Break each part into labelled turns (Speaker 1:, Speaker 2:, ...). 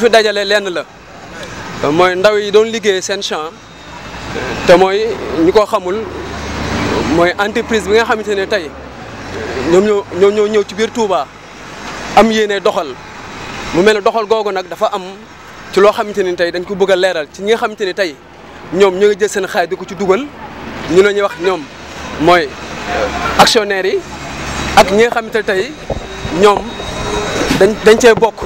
Speaker 1: fi dajale lenn la mooy ndaw yi doon liggéey seen champ te mooy ñu ko xamul mooy entreprise bi nga xamante ne tey ñoom ñoo ñoo ñëw ci biir Touba am yéene doxal mu mel ne doxal googu nag dafa am ci loo xamante ni tey dañ ko bëgg a leeral ci ñi nga xamante ni tey ñoom ñoo ngi jël seen xaay di ko ci dugal ñu la ñuy wax ñoom mooy actionnaires yi ak ñi nga xamante ne tey ñoom dañ dañ cee bokk.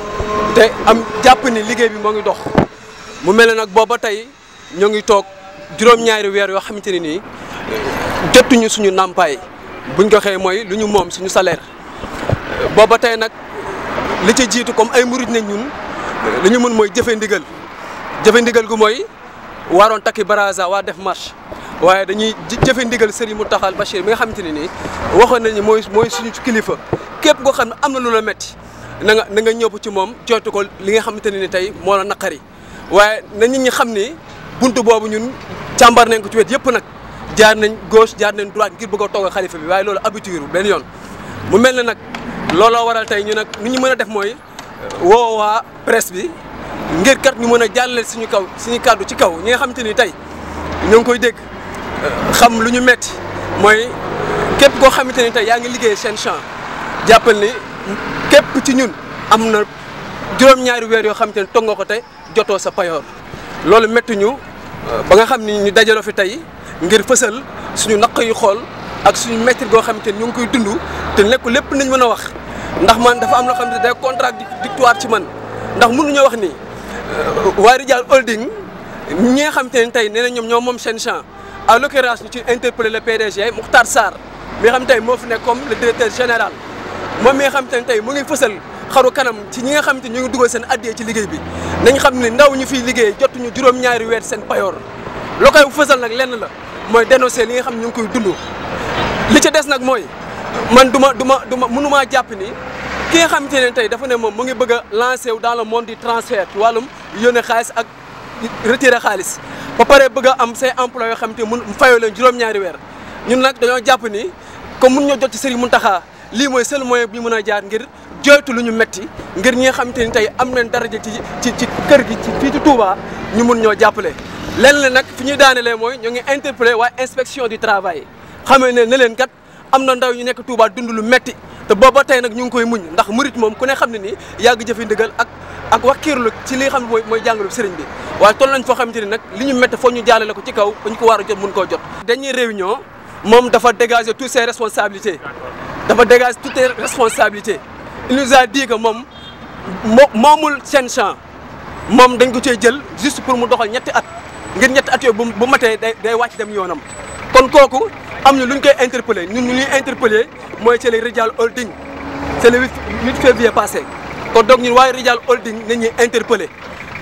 Speaker 1: te am jàpp ni liggéey bi moo ngi dox mu mel ne nag booba tey ñoo ngi toog juróom-ñaari weer yoo xamante ne nii jotuñu suñu nàmpaay buñ ko mooy lu ñu moom suñu salaire booba tey nag li ci jiitu comme ay murid nañ ñun li mën mooy jëfe ndigal jëfe ndigal gu mooy waroon takki baraza waa def marche waaye dañuy jëfe ndigal Serigne Mountakha Bachir mi nga xamante ne nii waxoon nañu mooy mooy suñu kilifa képp koo xam ne am na lu la metti na nga na nga ñëpp ci moom jooytu ko li nga xamante ne nii tey moo la naqari waaye na ñi ñi xam ni buntu boobu ñun càmbar nañ ko ci wet yëpp nag jaar nañ gauche jaar nañ droite ngir bëgg a toog xalifa bi waaye loolu habitude benn yoon. mu mel ne nag looloo waral tey ñu nag ni ñu mën a def mooy uh, woo waa presse bi ngir kat ñu mën a jàllale suñu kaw suñu kàddu ci kaw ñi nga xamante ni tey ñoo ngi koy dégg uh, xam lu ñu metti mooy képp koo xamante ni tey yaa ngi liggéey seen champ jàppal ni. képp ci ñun am na juróom-ñaari weer yoo xam te ne toog nga ko tey jotoo sa payoor loolu métti ñu euh, ba nga xam ni ñu dajaloo fi tey ngir fësal suñu naq yu xool ak suñu métti goo xam te ñu ngi koy dundu te nekk lépp nañ mën a wax ndax man dafa am loo xam ne day contradictoire ci man ndax mënuñoo wax ni euh, waa Rijal Holding ñi nga xam te ne tey nee na ñoom ñoo moom seen champ à l'occurrence ñu ci interpellé le PDG Moukhtar Sarr mi nga xam tey moo fi nekk comme le général moom mi nga xam te ne tey mu ngi fësal xaru kanam ci ñi nga xam te ñu ngi dugal seen addee ci liggéey bi nañ xam ne ndaw ñu fiy liggéey jotuñu juróom-ñaari weer seen payoor loo koy fësal nag lenn la mooy dénoncé li nga xam ñu ngi koy dund li ca des nag mooy man du ma du ma ma mënumaa jàpp ni ki nga xamante ne tey dafa ne moom mu ngi bëgg lancé wu dans le monde du transfert wàllum yónnee xaalis ak retiré xaalis ba pare bëgg am say emploi yoo xam te mun fayoo leen juróom weer ñun nag dañoo jàpp ni comme mun ñoo jot ci mun taxa lii mooy seul moyen bi ñu mën a jaar ngir joytu lu ñu metti ngir ñi nga xamante ni tey am nañ daraja ci ci ci kër gi ci fii ci Touba ñu mun ñoo jàppale. leen la nag fi ñuy daanelee mooy ñu ngi interpellé waa inspection du travail xamee ne ne leen kat am na ndaw ñu nekk Touba dund lu metti te booba tey nag ñu ngi koy muñ ndax murit moom ku ne xam ne ni yàgg jëfe ndigal ak ak wakkiirlu ci lii xam mooy mooy jàngalu sëriñ bi waaye toll nañ foo xamante ni nag li ñu métti foo ñu jàllale ko ci kaw bu ñu ko war a jot mun koo jot. dañuy réunion moom dafa dégager toutes ses responsabilités. dafa dégage toutes les responsabilités il nous a dit moom moo moomul seen champ moom dañ ko cee jël juste pour mu doxal ñetti at ngir ñetti at yooyu bu matee day day wàcc dem yoonam kon kooku am na lu ñu koy interpellé ñun ñu ñuy interpellé mooy ci le Rijal Holding c' est le 8 février passé kon donc ñun waaye Rijal Holding nañ ñuy interpellé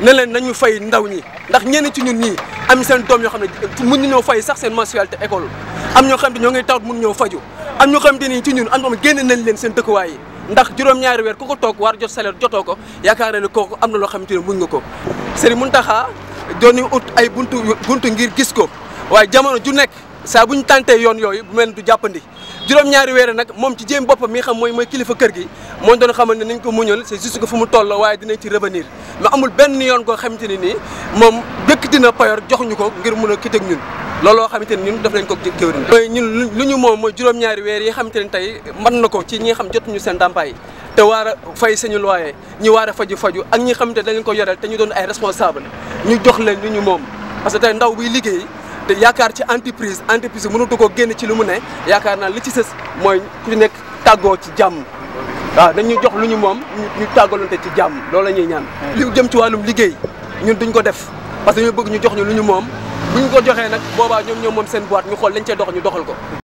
Speaker 1: ne leen nañu fay ndaw ñi ndax ñenn ci ñun ñii am seen doom yoo xam ne mun ñoo fay sax seen mensualité école am ñoo xam ne ñoo ngi tawat mun ñoo faju am ñoo xam ne nii ci ñun am ñoo génne nañ leen seen dëkkuwaay yi ndax juróom-ñaari weer ku ko toog war jot salaire jotoo ko yaakaar na ne kooku am na loo xamante ne mu nga ko Serigne Mountakha doon ñu ut ay buntu buntu ngir gis ko waaye jamono ju nekk saa bu ñu tàntee yoon yooyu bu mel du jàppandi juróom-ñaari weer nag moom ci jéem boppa mi xam mooy mooy kilifa kër gi moo doon xamal ne nañ ko muñal c'est juste que fu mu toll waaye dinañ ci revenir mais amul benn yoon koo xamante ne nii moom dëkk dina payor joxuñu ko ngir mun a kiteg ñun looloo xamante ne ñun daf lañ ko jëwriñ mooy ñun ñu moom mooy juróom-ñaari weer yi xamante ne tey mën na ko ci ñi xam jotuñu seen ndàmpaay te waar a fay sañu loyer ñu waar a faju faju ak ñi xamante ne dañ ko yoreel te ñu doon ay responsable ñu jox leen lu ñu moom parce que tey ndaw buy liggéey te yaakaar ci entreprise entreprise bi mënatu koo génn ci lu mu ne yaakaar naa li ci sës mooy ku nekk tàggoo ci jàmm. waaw dañuy jox lu ñu moom ñu tàggalante ci jàmm loolu la ñuy ñaan. li jëm ci wàllum liggéey ñun duñ ko def parce que ñu bëgg ñu jox ñu lu ñu moom bu ñu ko joxee nag boobaa ñoom ñoom moom seen boîte ñu xool lañ cee dox ñu doxal ko.